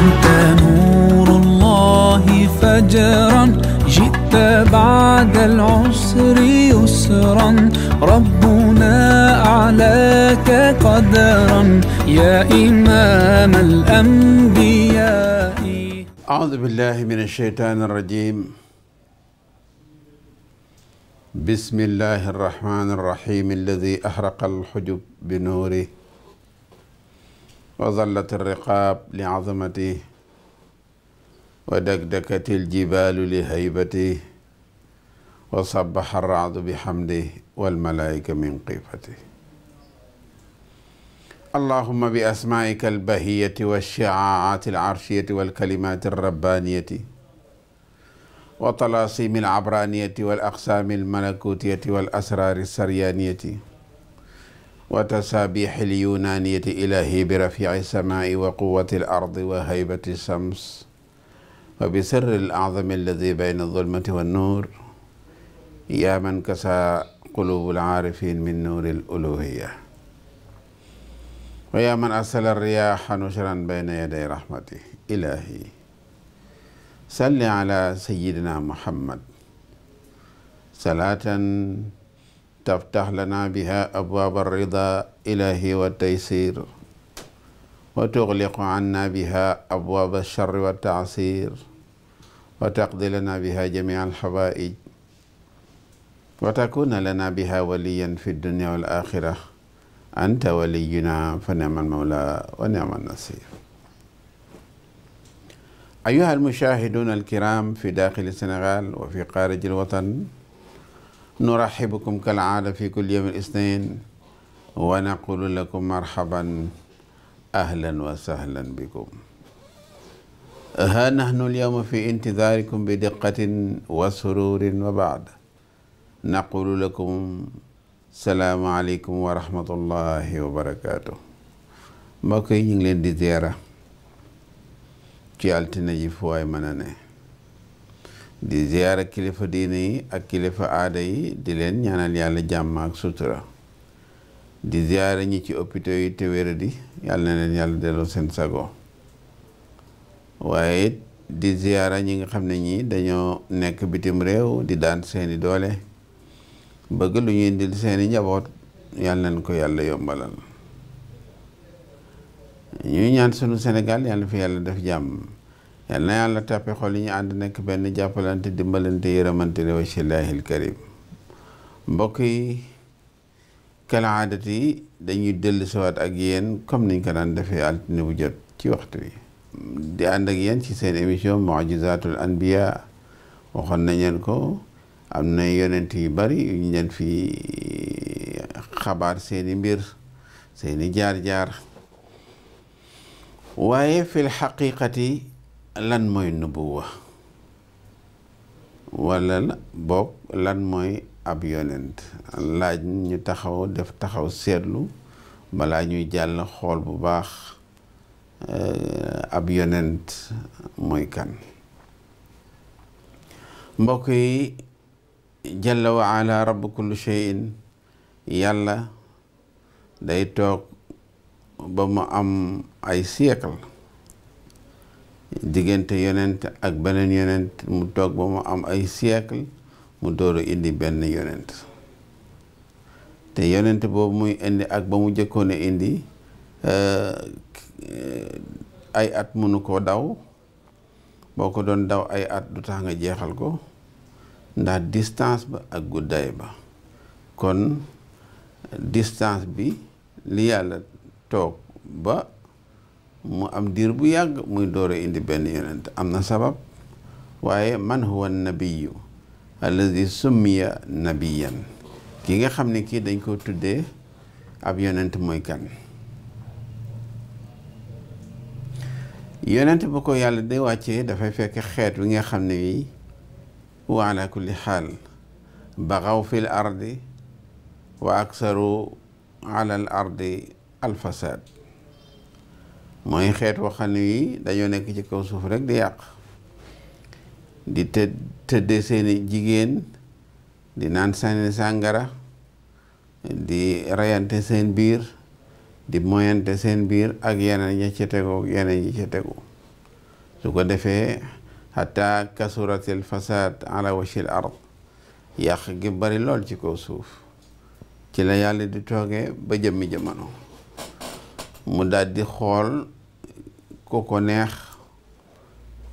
أنت نور الله فجرا جئت بعد العسر يسرا ربنا أعلاك قدرا يا إمام الأنبياء أعوذ بالله من الشيطان الرجيم بسم الله الرحمن الرحيم الذي أحرق الحجب بنوره wa zallati riqaab li azamati wa dakdakati aljibaalu li haybati wa sabaxa raadu bi xamdi walmalaayika min qiifati allahuma bi asmaa'ika albahiyati walshiaaati alarshiyati walkalimaati alrabbaaniyati wa talaasimi alabraaniyati walaqsaami almalakutiyati walasraari alsaryaaniyati wa tasaabiix al yunaaniyati ilaahi bi rafiici samaai wa quwati al ardi wa haybati shams wa bi sirri al acdami alladi bayna adulmati wannuur yaa man kasa quluubu al caarifiin min nuuri al uluhiyya wa yaa man arsala riyaaxa nushran bayna yaday rahmati ilaahi salli ala sayyidina muhammad salaatan تفتح لنا بها أبواب الرضا إلهي والتيسير وتغلق عنا بها أبواب الشر والتعسير وتقضي لنا بها جميع الحوائج وتكون لنا بها وليا في الدنيا والآخرة أنت ولينا فنعم المولى ونعم النصير أيها المشاهدون الكرام في داخل السنغال وفي خارج الوطن nuraxibukum kal aada fi kulli yawmi isnain wa naqulu lakum marhaban ahlan wa sahlan bikum ها نحن اليوم في انتظاركم بدقة وسرور وبعد نقول لكم السلام عليكم ورحمة الله وبركاته mbokk yi ñu ngi leen di ziyaara ci altine ji fu waay mën a ne di ziyaara kilifa diine yi ak kilifa aada yi di leen ñaanal yàlla jàmm ak sutura di ziyaara ñi ci opito yi te wéradi yàlla na leen yàlla delloo seen sago waaye di ziyaara ñi nga xam ne ñii dañoo nekk bitim réew di daan seeni doole bëgg lu ñuy indil seeni njaboot yàlla na ko yàlla yombalal ñuy ñaan sunu Sénégal yàlla fi yàlla def jàmm yal na yàlla tàppe xol yi ñu ànd nekk benn jàppalante dimbalante yërëmante ne wasilahil karim mbokk yi kala aadat yi dañuy dellu ak yéen comme niñ ko daan defee altine bu jot ci waxtu wi di ànd ak yéen ci seen émission mujizatul anbiya waxoon na leen ko am na yonent yu bari yu ñu leen fi xabaar seeni mbir seeni jaar-jaar waaye fil xaqiqati lan mooy nubuwa wala boog lan mooy ab yonent laaj ñu taxaw def taxaw seetlu balaa ñuy jàll xool bu baax eh, ab yonent mooy kan mbokk yi jalla wa ala rabbu kulli shay'in yàlla day toog ba mu am ay siècle diggante yonent ak beneen yonent mu toog ba mu am ay siècle mu door indi benn yonent te yonent boobu muy indi ak ba mu jëkkoon a indi eh, ay at mënu koo daw boo ko doon daw ay at du tax nga jeexal ko ndax distance ba ak guddaay ba kon distance bi li yàlla toog ba mu am diir bu yàgg muy door indi benn yonent am na sabab waaye man huwa nabiyu alladi summiya nabiyan ki nga xam ni kii dañ koo tuddee ab yonent mooy kan yonent bu ko yàlla di wàcce dafay fekk xeet wi nga xam ne wi wa ala kulli xaal baxaw fil ardi wa aksaru ala al ardi mooy xeet waxam yi dañoo nekk ci kaw suuf rek di yàq di të tëddee seeni jigéen di naan sànni sàngara di reyante seen biir di moyante seen biir ak yeneen yi ci tegu yeneen ñi ci su ko defee xataa kasuratil fasad ala wachil ard yàq gi bari lool ci kaw suuf ci la yàlla di toogee ba jëmmi jamono mu daal di xool ku ko neex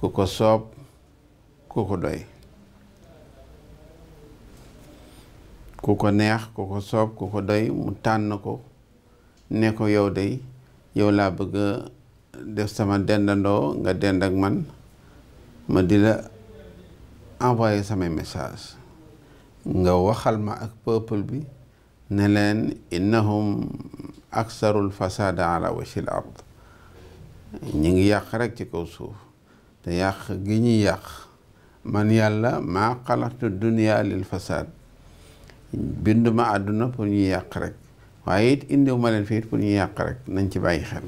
ku ko soob ku ko doy ku ko neex ku ko soob ku ko doy mu tànn ko ne ko yow day yow laa bëgg def sama dendandoo nga dend ak man ma di la envoyé sama message nga waxal ma ak peuple bi ne leen innahum ak fasada ala wajhil ard ñi ngi yàq rek ci kaw suuf te yàq gi ñuy yàq man yàlla maa xalaxtu dunia lil fasaad binduma àdduna pour ñu yàq rek waaye it indiwuma leen fii pour ñuy yàq rek nañ ci bàyyi xel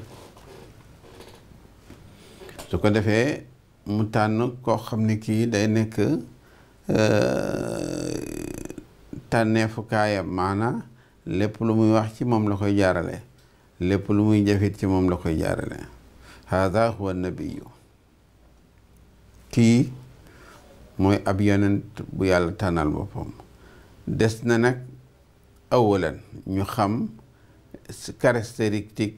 su ko defee mu tànn koo xam ne kii day nekk euh, tànneefu kaayam maanaa lépp lu muy wax ci moom la koy jaarale lépp lu muy jëfit ci moom la koy jaarale haada huwa nabiyu kii mooy ab yonent bu yàlla tànnal boppam des na nag awalan ñu xam caractéristique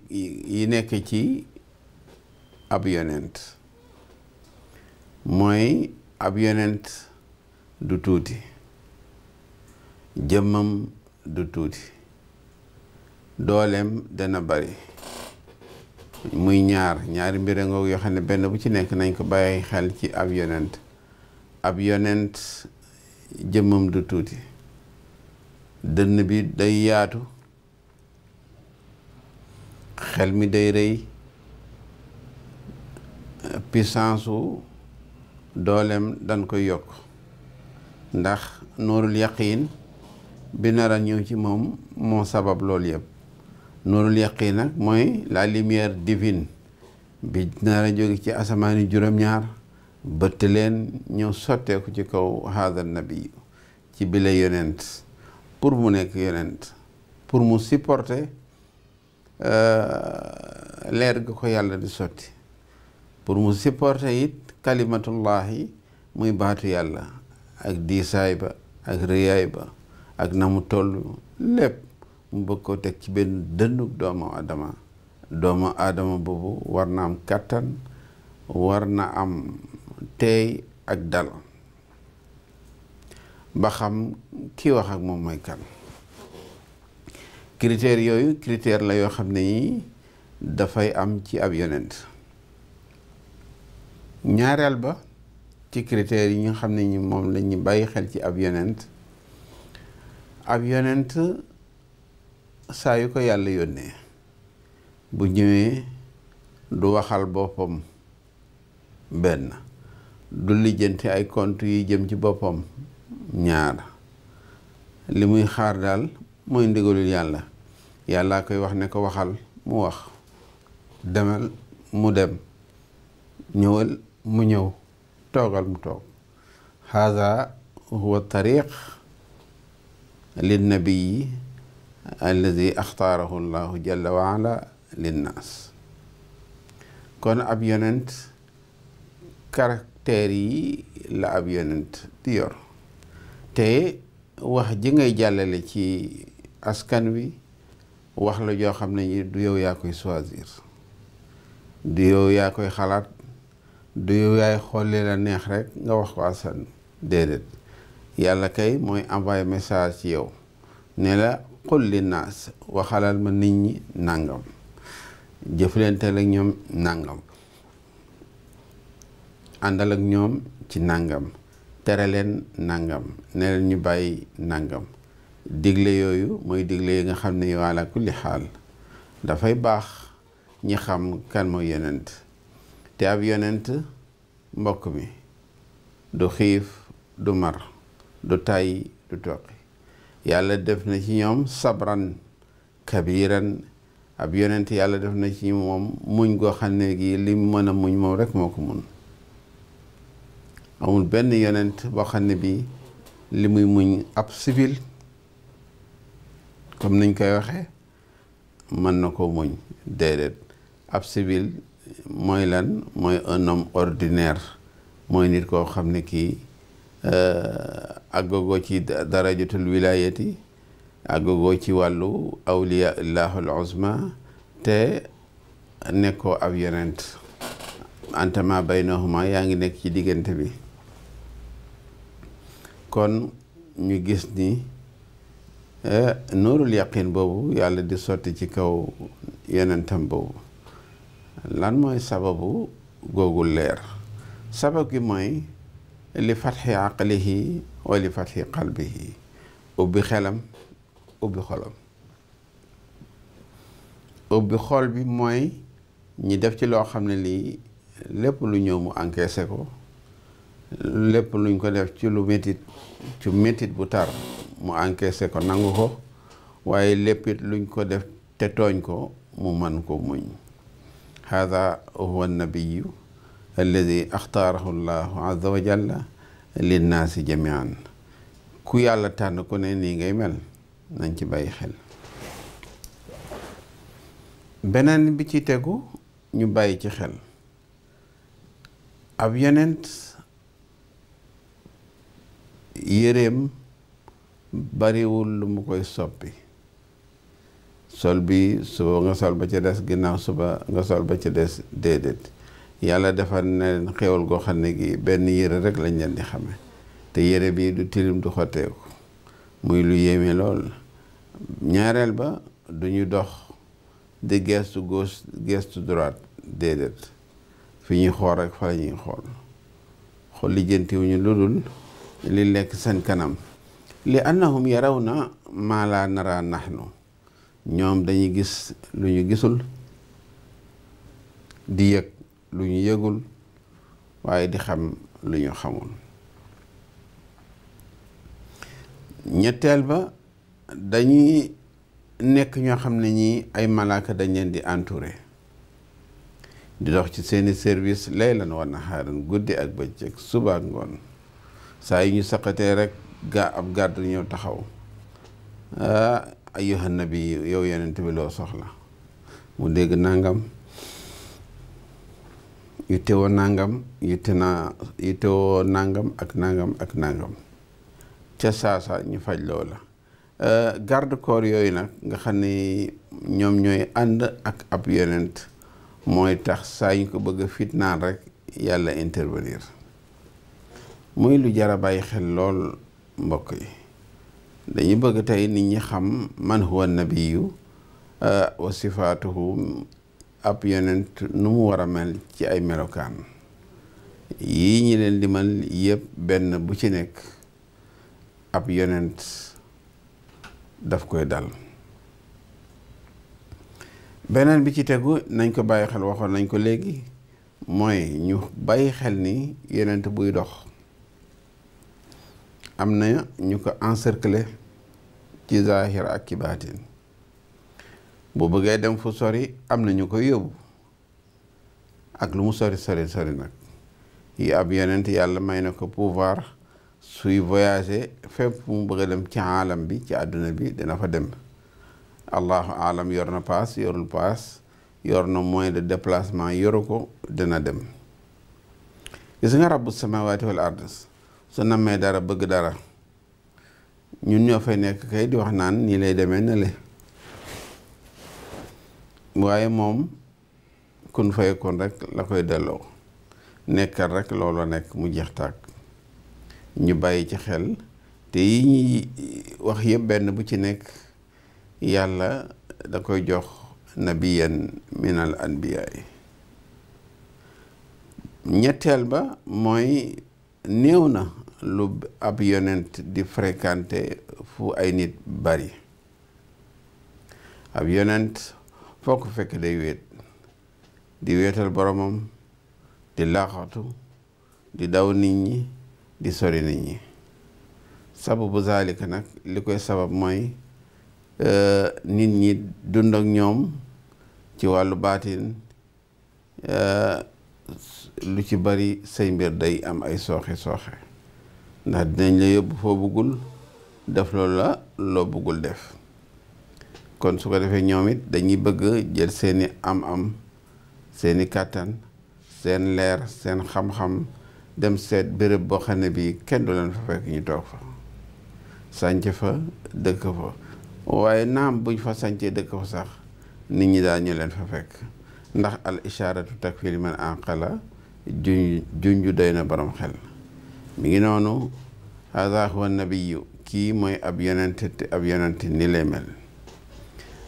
yi nekk ci ab yonent mooy ab yonent du tuuti jëmmam du tuuti dooleem dana bari muy ñaar ñaari mbir ngoog yoo xam ne benn bu ci nekk nañ ko bàyyi xel ci ab yonent ab yonent jëmmam du tuuti dënn bi day yaatu xel mi day rëy puissance su dooleem dañ koy yokk ndax nuurul yaqiin bi nara a ñëw ci moom moo sabab loolu yëpp nuurul yaqiin nag mooy la lumière divine bi naar a jóge ci asamaani juróom-ñaar bëtt leen ñëw sotteeku ci kaw haada nabi ci bile yonent pour mu nekk yonent pour mu supporter euh, leer ga ko yàlla di sotti pour mu supporter it kalimatullahi muy baatu yàlla ak diisaay ba ak rëyaay ba ak na mu toll lépp mu bëgg koo teg ci benn dënnub doomu adama doomu aadama boobu war na am kàttan war na am teey ak dal ba xam kii wax ak moom mooy kan critères yooyu critère la yoo xam ne yi dafay am ci ab yonent ñaareel ba ci critères yi nga xam ne ñi moom la bàyyi xel ci ab yonent ab yonent saa yu ko yàlla yónnee bu ñëwee du waxal boppam benn du lijjanti ay kont yi jëm ci boppam ñaar li muy xaar daal mooy ndigalul yàlla yàllaa koy wax ne ko waxal mu wax demal mu dem ñëwal mu ñëw toogal mu toog haza huwa tariq lin nabi alladi axtaarahu llahu jalla wa ala linnaas kon ab yonent caractère yi la ab yonent di yor te wax ji ngay jàllale ci askan wi wax la joo xam ne du yow yaa koy choisir du yow yaa koy xalaat du yow yaay xolli la neex rek nga wax ko asan déedéet yàlla kay mooy envoyé message ci yow ne qul linnaas waxalal ma nit ñi nangam jëflanteel ak ñoom nangam àndal ak ñoom ci nangam tere leen nangam ne leen ñu bàyyi nangam digle yooyu mooy digle yi nga xam ne yow ala kulli xaal dafay baax ñi xam kan mooy yonent te ab yonent mbokk bi du xiif du mar du tàyyi du toqi yàlla def na ci ñoom sabran kabiran ab yonent yàlla def na ci moom muñ goo xam ne gii li mu mën a muñ moom rek moo ko mun amul benn yonent boo xam ne bi li muy muñ ab civil comme niñ koy waxee mën na ko muñ déedéet ab civil mooy lan mooy un homme ordinaire mooy nit koo xam ne kii euh, ak àggagoo ci darajatul wilayati àggagoo ci wàllu awliya illahul uzma te nekkoo ab yonent antama baynahuma yaa ngi nekk ci diggante bi kon ñu gis ni eh, nuurul yaqin boobu yàlla di sotti ci kaw yonentam boobu lan mooy sababu googu leer sabab gi mooy li fatxi aqlihi wali fatxi qalbihi ubbi xelam ubbi xolam ubbi xol bi mooy ñi def ci loo xam ne lii lépp lu ñëw mu encaissé ko lépp luñ ko def ci lu métit ci metit bu tar mu encaissé ko nangu ko waaye lépp luñ ko def te tooñ ko mu man ko muñ hada huwa nabiyu alladi axtaarahu llahu azza wa jalla naa linnaasi jamian ku yàlla tànn ko ne nii ngay mel nañ ci bàyyi xel beneen bi ci tegu ñu bàyyi ci xel ab yonent yéreem bariwul lu mu koy soppi sol bi suba nga sol ba ca des ginnaaw suba nga sol ba ca des déedéet yàlla defal na leen xéewal goo xam ne gi benn yére rek lañ leen di xamee te yére bii du tilim du xoteeku muy lu yéeme lool ñaareel ba duñu dox di gestu gauche gestu droite déedéet fi ñuy xool rek fa la ñuy xool xool lijjantiwuñu lu dul li lekk seen kanam li annahum yarawna maa laa nara nahnu ñoom dañu gis lu ñu gisul di yëg lu ñu yëgul waaye di xam lu ñu xamul ñetteel ba dañuy nekk ñoo xam ne ñii ay malaaka dañ leen di entouré di dox ci seeni service laylan wa naxaaran guddi ak bëccëg suba ak ngoon saa yi ñu saqatee rek gaa ab gàddu ñëw taxaw ah, ayyuhan bi yow yeneen bi loo soxla mu dégg nangam yittewoo nangam yitte naa yittewoo nangam ak nangam ak nangam ca saasa ñu faj loola euh, garde corps yooyu nag nga xam ni ñoom ñooy ànd ak ab yonent mooy tax saa ñu ko bëgg a fitnaan rek yàlla intervenir muy lu jar a bàyyi xel lool mbokk yi dañu bëgg tey nit ñi xam man huwa nabiyu euh, wa sifaatuhu ab yonent nu mu war a mel ci ay melokaan yi ñi leen limal yëpp benn bu ci nekk ab yonent daf koy dal beneen bi ci tegu nañ ko bàyyi xel waxoon nañ ko léegi mooy ñu bàyyi xel ni yeneent buy dox am na ñu ko encercler ci zaahir ak ci boo bëggee dem fu sori am na ñu koy yóbbu ak lu mu sori sori sori nag yi ab yonent yàlla may na ko pouvoir suy voyager fépp mu bëgg a dem ci aalam bi ci àdduna bi dina fa dem allahu aalam yor na paas yorul paas yor na moyen de déplacement yoru ko dina dem gis nga rabbu samawati wal ard su namee dara bëgg dara ñun ñoo fay nekk kay di wax naan nii lay demee na le waaye moom kun fayekoon rek la koy delloo nekkal rek loolu nekk mu jeex tàkk ñu bàyyi ci xel te yi ñuy wax yëpp benn bu ci nekk yàlla da koy jox nabiyan minal anbiyaay ñetteel ba mooy néew na lu ab yonent di fréquenté fu ay nit bari ab yonent foo fekk day wéet di wéetal boromam di laaxatu di daw nit ñi di sori nit ñi sababu zaalika nag li koy sabab mooy euh, nit ñi dund ak ñoom ci wàllu baatin euh, lu ci bari say mbir day am ay sooxe sooxe ndax dinañ la yóbbu foo buggul def loolu la loo buggul def kon su ko defee ñoom it dañuy bëgg jël seeni am-am seeni kàttan seen leer seen xam-xam dem seet bërëb boo xam ne bii kenn du leen fa fekk ñu toog fa sànc fa dëkk fa waaye naam buñ fa sàncee dëkk fa sax nit ñi daal ñu leen fa fekk ndax al isharatu takfil man anqala junj junju doy na borom xel mi ngi noonu haza huwa nabiyu kii mooy ab yonente te ab yonente ni lay mel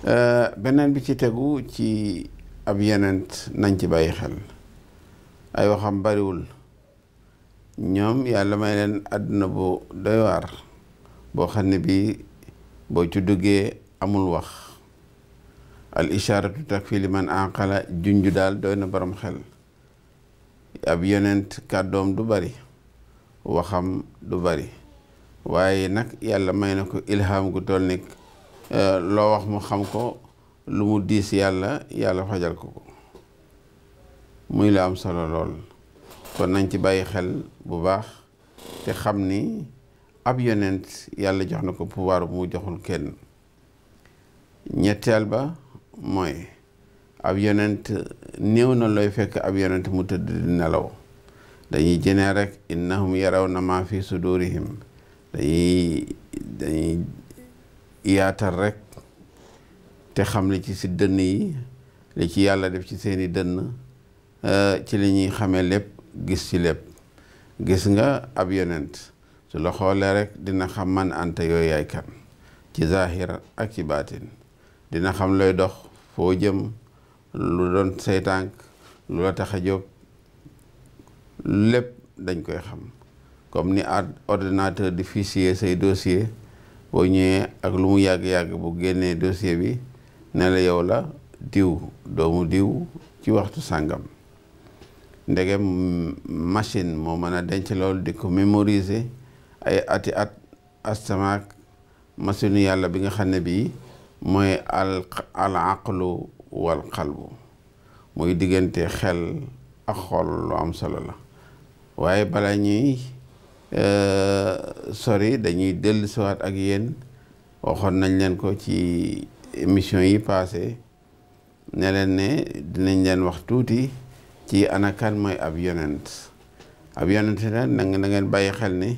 Euh, beneen bi ci tegu ci ab yenent nañ ci bàyyi xel ay waxam bariwul ñoom yàlla may leen àdduna boo doy waar boo xam ne bii boo ci duggee amul wax al isharatu takfi liman aqala junju daal doy na borom xel ab yonent kàddoom du bari waxam du bari waaye nag yàlla may na ko ilham gu toll nekk Euh, loo wax mu xam ko lu mu diis yàlla yàlla fajal ko ko muy la am solo lool kon nañ ci bàyyi xel bu baax te xam ni ab yonent yàlla jox na ko pouvoir bu mu joxul kenn ñetteel ba mooy ab yonent néew na looy fekk ab yonent mu tëdd nelaw dañuy jënee rek innahum yaraw na maa fi sudurihim dañuy dañuy yaatal rek te xam li ci si dënn yi li ci yàlla def ci seeni dënn euh, ci li ñuy xamee lépp gis ci lépp gis nga ab yonent su la xoolee rek dina xam man anta yooyu yaay kan ci zahir ak ci baatin dina xam looy dox foo jëm lu doon say tànk lu la tax a jóg lépp dañ koy xam comme ni ordinateur di fichier say dossier boo ñëwee ak lu mu yàgg-yàgg bu génnee dossier bi ne la yow la diw doomu diw ci waxtu sàngam ndegem machine moo mën a denc loolu di ko mémoriser ay ati at astamaak machine yàlla bi nga xam ne bii mooy al al aqlu wal xalbu muy diggante xel ak xol lu am solo la waaye bala ñuy Euh, sori dañuy dellu siwaat ak yéen waxoon nañ leen ko ci émission yi paase ne ne dinañ leen wax tuuti ci ana kan mooy ab yonent ab yonent na na ngeen bàyyi xel ni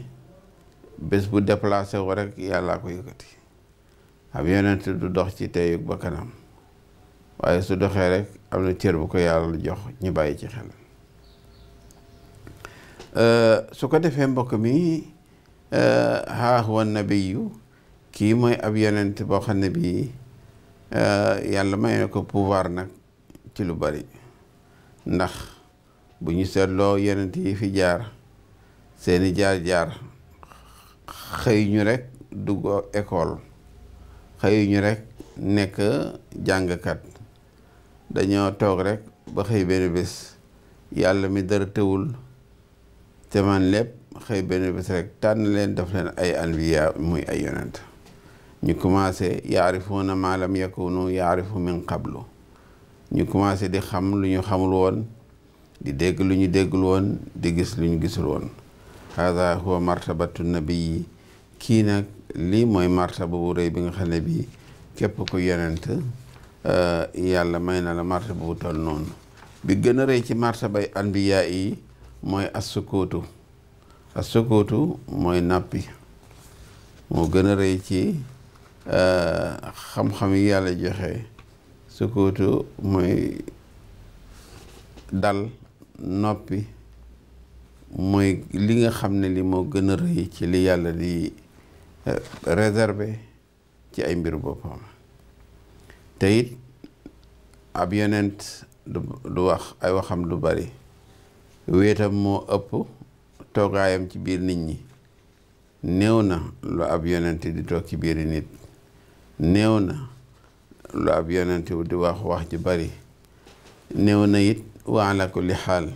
bés bu déplacé wu rek yàllaa ko yëkkati ab yonent du dox ci teyug ba kanam waaye su doxee rek am na cër bu ko yàlla jox ñu bàyyi ci xel Euh, su ko defee mbokk mi euh, haa huwa nabiyu kii mooy ab yonent boo xam ne bii euh, yàlla may na ko pouvoir nag ci lu bari ndax bu ñu seetloo yonent yi fi jaar seeni jaar-jaar xëy ñu rek dugg école xëy ñu rek nekk jàngkat dañoo toog rekk ba xëy benn bés yàlla mi dara tëwul te man lépp xëy benn bés rek tànn leen def leen ay anbiya muy ay yonent ñu commencé yaarifuuna maa lam yakunu yaarifu min qablu ñu commencé di xam lu ñu xamul woon di dégg lu ñu déggul woon di gis lu ñu gisul woon hada huwa martabatu nabiyi kii nag lii mooy martaba bu rëy bi nga xam ne bii képp ku yonent euh, yàlla may na la martaba bu toll noonu bi gën a rëy ci martabay anbiya yi mooy assukootu assukootu mooy nàppi moo gën a rëy ci eh, xam-xam yi yàlla joxe sukootu mooy dal noppi mooy li nga xam ne li moo gën a rëy ci li yàlla di eh, réservé ci ay mbir boppam te it ab yonent du du wax ay waxam du bari wéetam moo ëpp toogaayam ci biir nit ñi néew na lu ab yonent di toog ci biiri nit néew na lu ab yonent di wax wax ji bari néew na it wa ko li xaal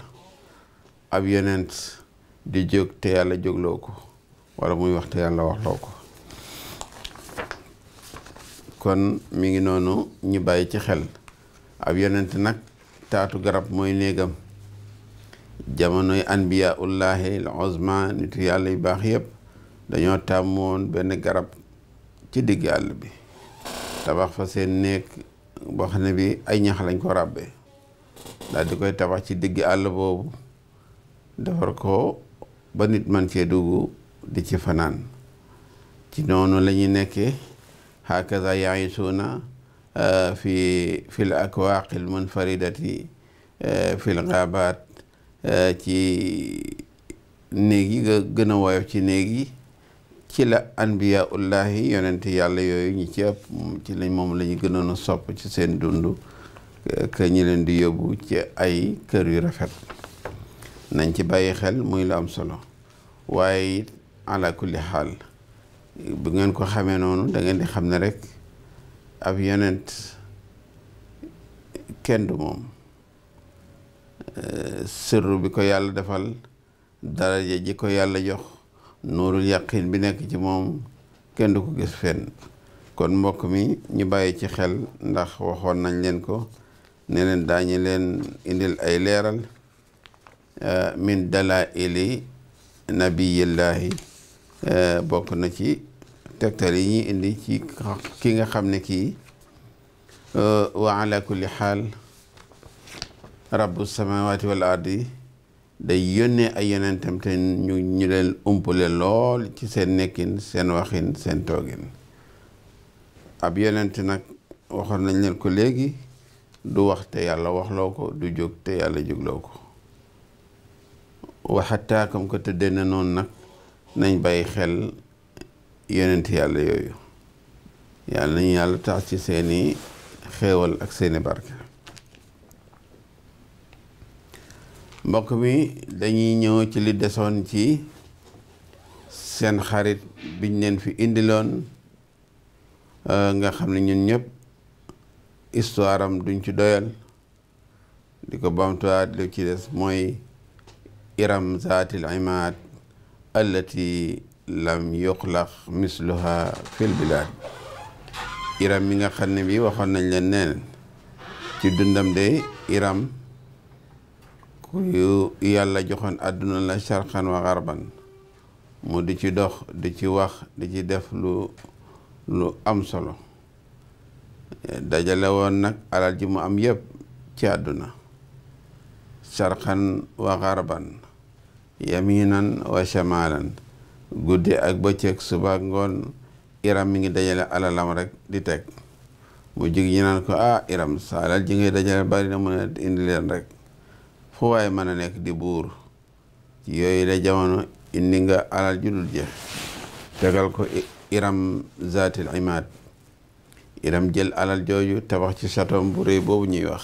ab yonent di jóg te yàlla jógloo ko wala muy wax te yàlla waxloo ko kon mu ngi noonu ñu bàyyi ci xel ab yonent nag taatu garab mooy néegam jamonoy anbiya ullahi al uzma nitu yàlla yu baax yépp dañoo tàmmoon benn garab ci digg àll bi tabax fa seen néeg boo xam ne bi ay ñax lañ ko ràbbe daal di koy tabax ci digg àll boobu defar ko ba nit man cee dugg di ci fanaan ci noonu lañuy ñu nekkee hakaza yaayisuuna eh, fi fi l ak l mën eh, fi l gaabaat Euh, ci néeg yi nga gën a woyof ci néeg yi ci la anbiya ullahi yonent yàlla yooyu ñi ci lañ moom lañu ñu gënoon sopp ci seen dund euh, que ñi leen di yóbbu ci ay kër yu rafet nañ ci bàyyi xel muy la am solo waaye it ala xaal bu ngeen ko xamee noonu da ngeen di xam ne rek ab yonent kenn du moom sërru bi ko yàlla defal daraja ji ko yàlla jox nuurul yaqin bi nekk ci moom kenn du ko gis fen kon mbokk mi ñu bàyyi ci xel ndax waxoon nañ leen ko ne leen daañu leen indil ay leeral eh, min dalaili nabiyillahi eh, bokk na ci tegtal yi ñuy indi ci ki nga xam ne kii eh, wa ala kulli xaal rabbu samawati wal ardi day yónnee ay yonentam te ñu ñu leen umpale lool ci seen nekkin seen waxin seen toogin ab yonent nag waxoon nañ leen ko léegi du wax te yàlla waxloo ko du jóg te yàlla jógloo ko waxataa kam ko tëddee na noonu nag nañ bàyyi xel yonent yàlla yooyu yàlla nañ yàlla taax ci seeni xéewal ak seeni barke mbokk mi dañuy ñëw ci li desoon ci seen xarit biñ leen fi indiloon euh, nga xam ne ñun ñëpp histoire am duñ ci doyal di ko bamtuwaat li ci des mooy iram zaatil imaad allati lam yuxlaq misluha fil bilaad iram mi nga xam ne bi waxoon nañ leen neen ci dundam de iram yu yàlla joxoon àdduna la sharqan wa garban mu di ci dox di ci wax di ci def lu lu am solo dajale woon nag alal ji mu am yëpp ci àdduna sharqan wa garban yaminan wa shamalan guddi ak bëccëg suba ngoon iram mi ngi dajale alalam rek di teg mu jig ñi naan ko ah iram sa alal ji ngay dajale bari mu ne indi leen rek fu waaye mën a nekk di buur ci yooyu la jamono indi nga alal judul jëf tegal ko iram zaatil imaad iram jël alal jooju tabax ci satom bu rëy boobu ñuy wax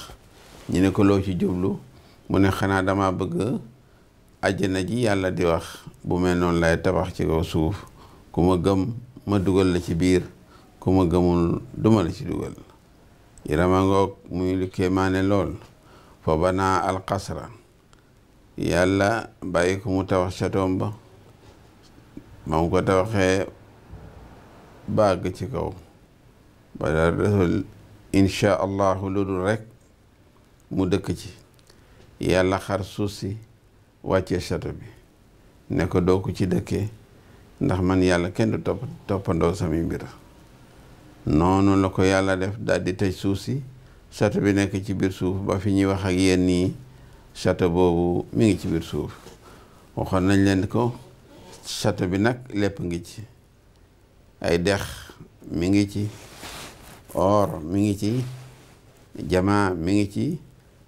ñu ne ko loo ci jublu mu ne xanaa dama bëgg àjjana ji yàlla di wax bu mel noonu lay tabax ci kaw suuf ku ma gëm ma dugal la ci biir ku ma gëmul duma la ci dugal irama ngoog muy lu kéemaane lool fa bana alqasra yàlla bàyyi ko mu tabax château ba ma mu ko tabaxee bàgg ci kaw ba dara desul incha allahu lu dul rek mu dëkk ci yàlla xar suuf si wàccee château bi ne ko doo ko ci dëkke ndax man yàlla kenn du topp toppandoo samay mbir noonu la ko yàlla def daal di tëj suuf si sato bi nekk ci biir suuf ba fi ñuy wax ak yéen nii château boobu mi ngi ci biir suuf waxoon nañ leen ko château bi nag lépp ngi ci ay dex mi ngi ci or mi ngi ci jamaa mi ngi ci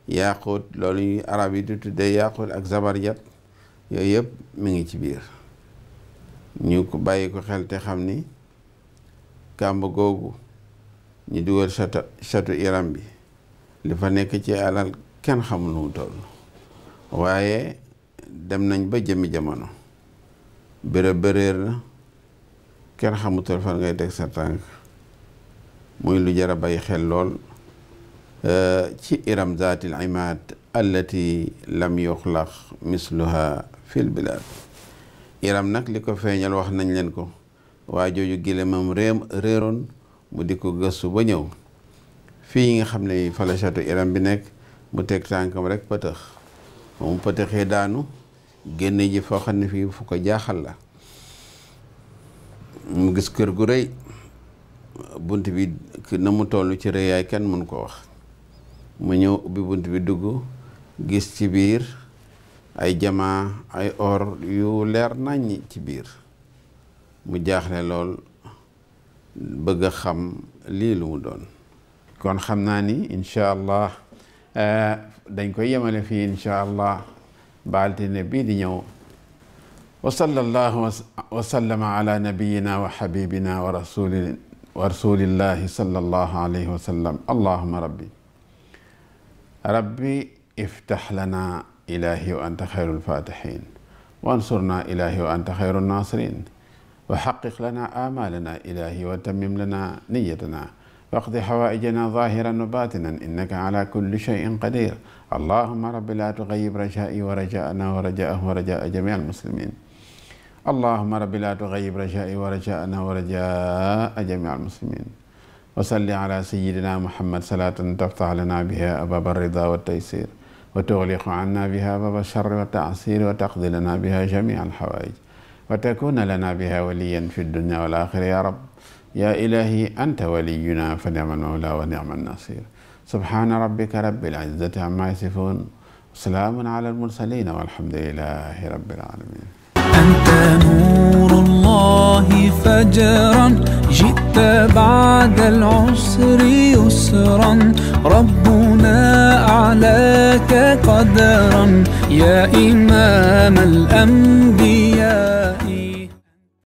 yaaquut loolu arab yi di tuddee yaaquut ak zabarjat yooyu yëpp mi ngi ci biir ñu ko bàyyi ko xel te xam ni kàmb googu ñu dugal château château Iran bi li fa nekk ci alal kenn xamul nu mu waaye dem nañ ba jëmmi jamono bërëb bëréer la kenn xamu fan ngay deg sa tànk muy lu jar a bàyyi xel lool euh, ci iram zaatil imaad allati lam yuxlaq misluha fil bilad iram nag li ko feeñal wax nañ leen ko waa jooju gile réeroon mu di ko gëstu ba ñëw fii nga xam ne fa la Iram bi nekk mu teg tànkam rek pëtëx moom pëtëxee daanu génn ji foo xam ne fii fu ko jaaxal la mu gis kër gu rëy bunt bi na mu toll ci rëyaay kenn mun ko wax mu ñëw ubbi bunt bi dugg gis ci biir ay jamaa ay or yu leer nàññ ci biir mu jaaxle lool bëgg a xam lii lu mu doon kon xam naa ni incha allah eh, dañ koy yemale fii incha allah baalte ne bii di ñëw wa sallallahu wa sallama ala nabiyina wa xabibina wa rasuli wa rasulillahi sallallahu alayhi wa sallam allahuma rabbi rabbi iftax lana ilahi wa anta xayru alfatihin wa ansurna ilahi wa anta xayru nasirin wa xaqiq lana amalana ilahi wa tamim lana niyatana waqdi xawaaijana zahiran wa batinan innaka ala kulli cheyin qadir allahuma rabbi la tuxayib rajai wa rajaana wa rajaa wa rajaa jamii almuslimin allahuma rabbi la tuxayib rajai wa rajaana wa rajaa jamii almuslimin wa salli ala sayidina muhammad salatan taftax lana biha abab alrida waltaysir wa tuxliqu anna biha abab alcharri wa taasir wa taqdi lana biha jamii alxawaaij wa takuna lana biha waliyan fi dunya wal axira ya rab ya ilahi anta waliyuna fa ni'mal mawla wa ni'man nasir subhana rabbika rabbil izzati amma yasifun salaamun ala al mursalin walhamdulillahi rabbil alamin نور الله فجرا جئت بعد العسر يسرا ربنا أعلاك قدرا يا إمام الأنبياء